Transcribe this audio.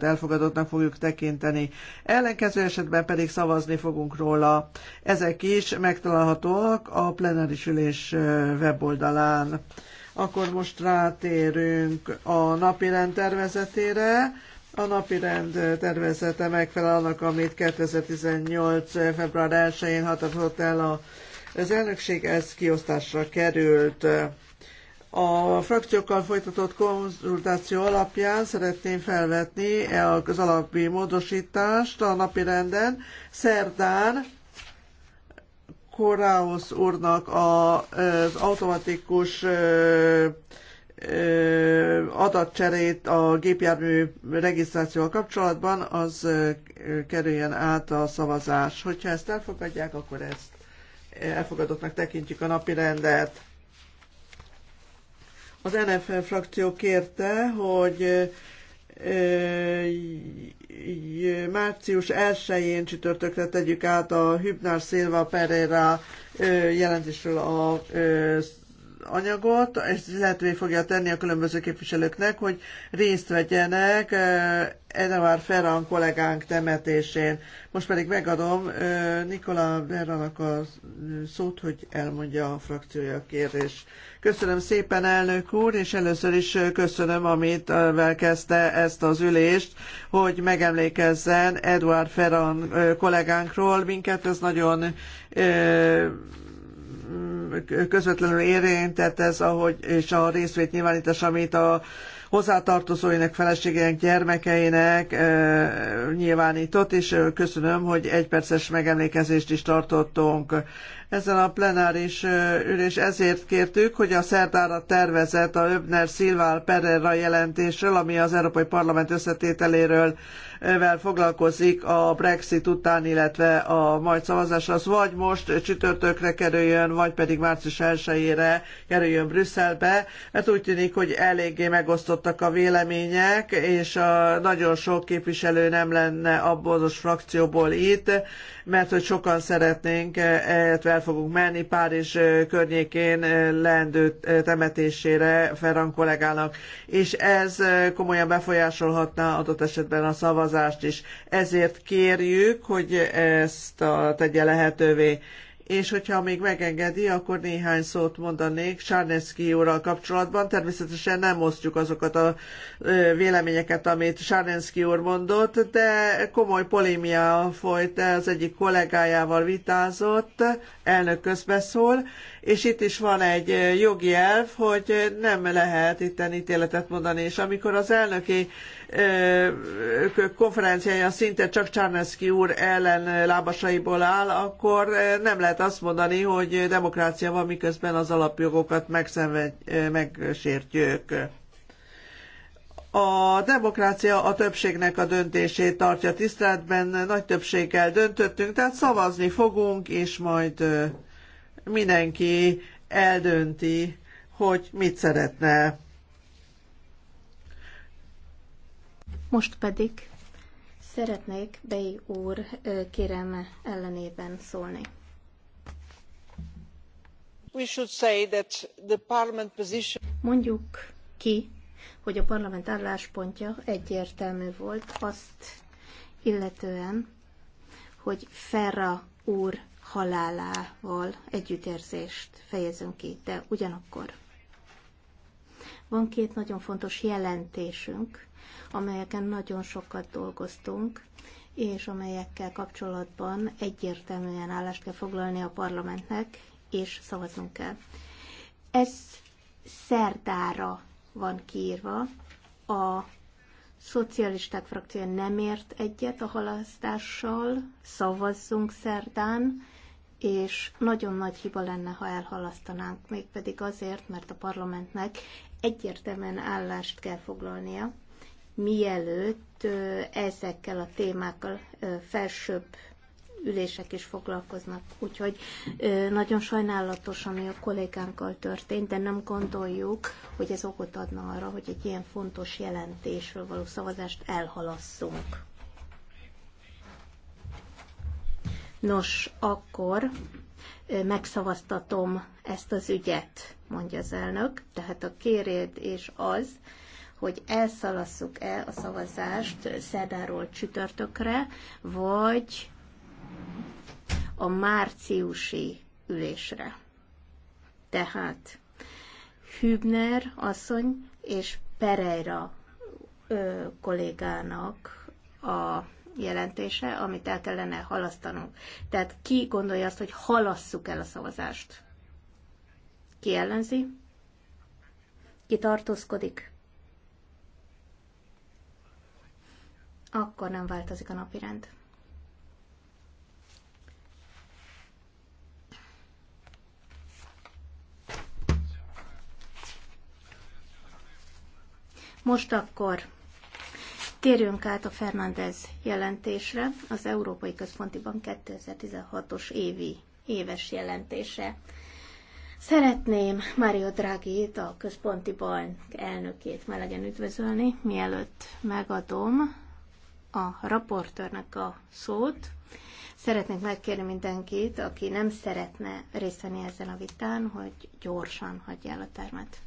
elfogadottnak fogjuk tekinteni. Ellenkező esetben pedig szavazni fogunk róla. Ezek is megtalálhatóak a plenáris ülés weboldalán. Akkor most rátérünk a napirend tervezetére. A napirend tervezete megfelel annak, amit 2018. február 1-én hatatott el az elnökség, ez kiosztásra került. A frakciókkal folytatott konzultáció alapján szeretném felvetni az alapbi módosítást a napi renden. Szerdán Koráosz úrnak az automatikus adatcserét a gépjármű regisztrációval kapcsolatban, az kerüljen át a szavazás. Hogyha ezt elfogadják, akkor ezt elfogadottnak tekintjük a napi rendet. Az NF frakció kérte, hogy március 1-én csütörtökre tegyük át a Hübnár Silva Pereira jelentésről a anyagot, és lehetővé fogja tenni a különböző képviselőknek, hogy részt vegyenek Edevár Ferran kollégánk temetésén. Most pedig megadom Nikola Berranak a szót, hogy elmondja a frakciója kérdés. Köszönöm szépen, elnök úr, és először is köszönöm, amit kezdte ezt az ülést, hogy megemlékezzen Edward Ferran kollégánkról. Minket ez nagyon közvetlenül érintett ez, ahogy, és a részvét amit a hozzátartozóinak, feleségeinek, gyermekeinek nyilvánított, és köszönöm, hogy egy perces megemlékezést is tartottunk. Ezen a plenáris ülés ezért kértük, hogy a szerdára tervezett a Öbner Szilvál Pereira jelentésről, ami az Európai Parlament összetételéről vel foglalkozik a Brexit után, illetve a majd szavazás az vagy most csütörtökre kerüljön, vagy pedig március 1-ére kerüljön Brüsszelbe, mert úgy tűnik, hogy eléggé megosztott megosztottak a vélemények, és a, nagyon sok képviselő nem lenne abból az frakcióból itt, mert hogy sokan szeretnénk, illetve el fogunk menni Párizs környékén leendő temetésére Ferran kollégának, és ez komolyan befolyásolhatná adott esetben a szavazást is. Ezért kérjük, hogy ezt a, tegye lehetővé és hogyha még megengedi, akkor néhány szót mondanék Sárneszki úrral kapcsolatban. Természetesen nem osztjuk azokat a véleményeket, amit Sárneszki úr mondott, de komoly polémia folyt, az egyik kollégájával vitázott, elnök közbeszól, és itt is van egy jogi elv, hogy nem lehet itten ítéletet mondani, és amikor az elnöki konferenciája szinte csak Csárneszki úr ellen lábasaiból áll, akkor nem lehet azt mondani, hogy demokrácia van, miközben az alapjogokat megsértjük. A demokrácia a többségnek a döntését tartja tiszteletben, nagy többséggel döntöttünk, tehát szavazni fogunk, és majd mindenki eldönti, hogy mit szeretne. Most pedig szeretnék Bey úr kérelme ellenében szólni. We should say that the parliament position... Mondjuk ki, hogy a parlament álláspontja egyértelmű volt azt illetően, hogy Ferra úr halálával együttérzést fejezünk ki, de ugyanakkor van két nagyon fontos jelentésünk, amelyeken nagyon sokat dolgoztunk, és amelyekkel kapcsolatban egyértelműen állást kell foglalni a parlamentnek, és szavaznunk kell. Ez szerdára van kiírva a szocialisták frakciója nem ért egyet a halasztással, szavazzunk szerdán, és nagyon nagy hiba lenne, ha elhalasztanánk, mégpedig azért, mert a parlamentnek egyértelműen állást kell foglalnia, mielőtt ezekkel a témákkal felsőbb ülések is foglalkoznak. Úgyhogy nagyon sajnálatos, ami a kollégánkkal történt, de nem gondoljuk, hogy ez okot adna arra, hogy egy ilyen fontos jelentésről való szavazást elhalasszunk. Nos, akkor megszavaztatom ezt az ügyet, mondja az elnök. Tehát a és az, hogy elszalasszuk-e a szavazást szerdáról csütörtökre, vagy a márciusi ülésre. Tehát Hübner asszony és Pereira ö, kollégának a jelentése, amit el kellene halasztanunk. Tehát ki gondolja azt, hogy halasszuk el a szavazást? Ki ellenzi? Ki tartózkodik? Akkor nem változik a napirend. Most akkor térjünk át a Fernandez jelentésre, az Európai Központi Bank 2016-os évi éves jelentése. Szeretném Mário draghi a Központi Bank elnökét melegen üdvözölni, mielőtt megadom a raportőrnek a szót. Szeretnék megkérni mindenkit, aki nem szeretne részt venni ezen a vitán, hogy gyorsan hagyja el a termet.